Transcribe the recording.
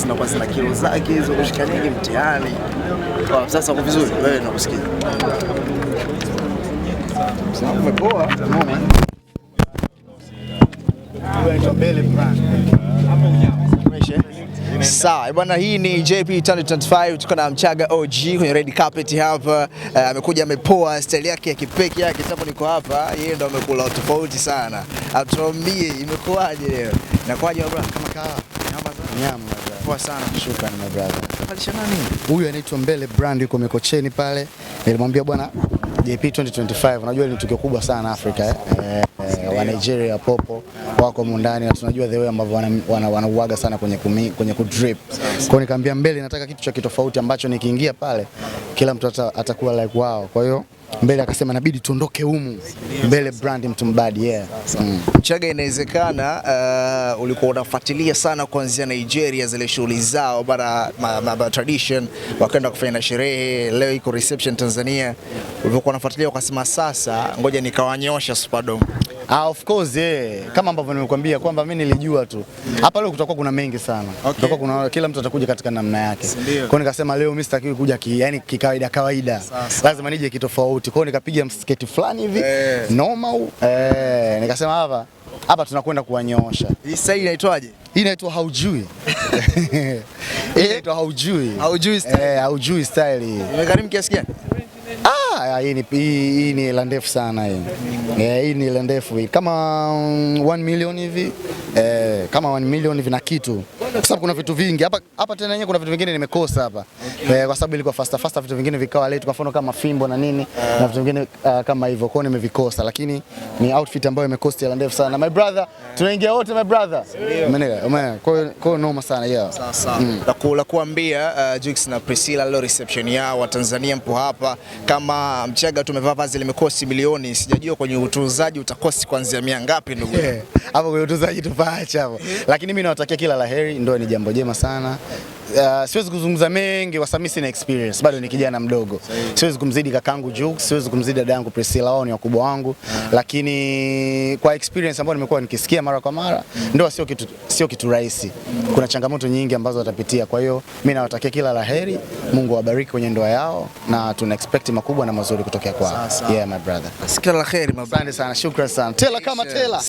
zinakuwa zina kilo zake hizo nyingi mtihani. Ah, sasa uko vizuri wewe, nakusikia umepoa. Sawa bwana, hii ni JP 2025 tuko na Mchaga OG kwenye red carpet hapa. Eh, amekuja uh, amepoa style yake ya kipekee yake. Sababu niko hapa, yeye ndo amekula tofauti sana. Atuambie imekuwaje leo? Inakuwaje bwana, kama kawa nyama Poa sana. Shukrani my brother. Kalisha nani? Huyu anaitwa Mbele Brand yuko Mikocheni pale. Nilimwambia bwana JP 2025 unajua ni tukio kubwa sana Afrika eh. Eh, wa Nigeria popo wako mundani na tunajua the way ambavyo wanauaga wana, wana sana kwenye kumi, kwenye kudrip. Kwa nikaambia Mbele nataka kitu cha kitofauti ambacho nikiingia pale kila mtu atakuwa like wow. Kwa hiyo mbele akasema nabidi tuondoke humu mbele brand mtumbadi yeah. Mm. Chaga, inawezekana uh, ulikuwa unafuatilia sana kuanzia Nigeria zile shughuli zao bara ma, ma, ma, tradition wakaenda kufanya na sherehe, leo iko reception Tanzania, ulivyokuwa unafuatilia ukasema sasa ngoja nikawanyosha Superdome. Ah, of course yeah. Yeah. Kama ambavyo nimekuambia kwamba mimi nilijua tu hapa yeah. Leo kutakuwa kuna mengi sana okay. Kutakuwa kuna kila mtu atakuja katika namna yake, kwa hiyo nikasema leo mimi sitakiwi kuja ki, yani kikawaida kawaida, lazima nije kitofauti, kwa hiyo nikapiga msketi fulani hivi yeah. normal eh, nikasema hapa hapa tunakwenda kuwanyoosha. Hii sasa inaitwaje? Hii inaitwa haujui. Inaitwa haujui. Haujui style. Eh, Haujui style hii. Imegharimu kiasi gani? Ah, Ah, hii ni hii ni hela ndefu sana hii. Eh, hii ni hela ndefu kama 1 mm, milioni hivi. Eh, kama 1 milioni vina kitu, kwa sababu kuna vitu vingi hapa hapa. Tena yenyewe kuna vitu vingine nimekosa hapa okay. eh, kwa sababu ilikuwa faster faster, vitu vingine vikawa late, kwa mfano kama fimbo na nini uh. na vitu vingine uh, kama hivyo, kwao nimevikosa, lakini ni outfit ambayo imekosti hela ndefu sana. My brother, uh. tunaingia wote my brother, umeelewa? Umeelewa? Kwa hiyo noma sana yeah. Sawa sawa, na mm. kula kuambia uh, Jux na Priscilla leo reception yao wa Tanzania, mpo hapa kama mchaga tumevaa vazi limekosti milioni, sijajua kwenye utunzaji utakosi kuanzia mia ngapi ndugu hapo kwenye utunzaji tupaacha hapo. Lakini mimi nawatakia kila laheri, ndoa ni jambo jema sana. Uh, siwezi kuzungumza mengi kwa sababu sina experience, bado ni kijana mdogo. Siwezi kumzidi kakangu Juke, siwezi kumzidi dada yangu Priscilla, wao ni wakubwa wangu. Lakini kwa experience ambayo nimekuwa nikisikia mara kwa mara, ndoa sio kitu sio kitu rahisi. Kuna changamoto nyingi ambazo watapitia. Kwa hiyo mimi nawatakia kila laheri, Mungu awabariki kwenye ndoa yao na tuna expect makubwa na mazuri kutokea kwao. Yeah my brother. Kila laheri mabwana. Asante sana, shukrani sana. Tela kama tela.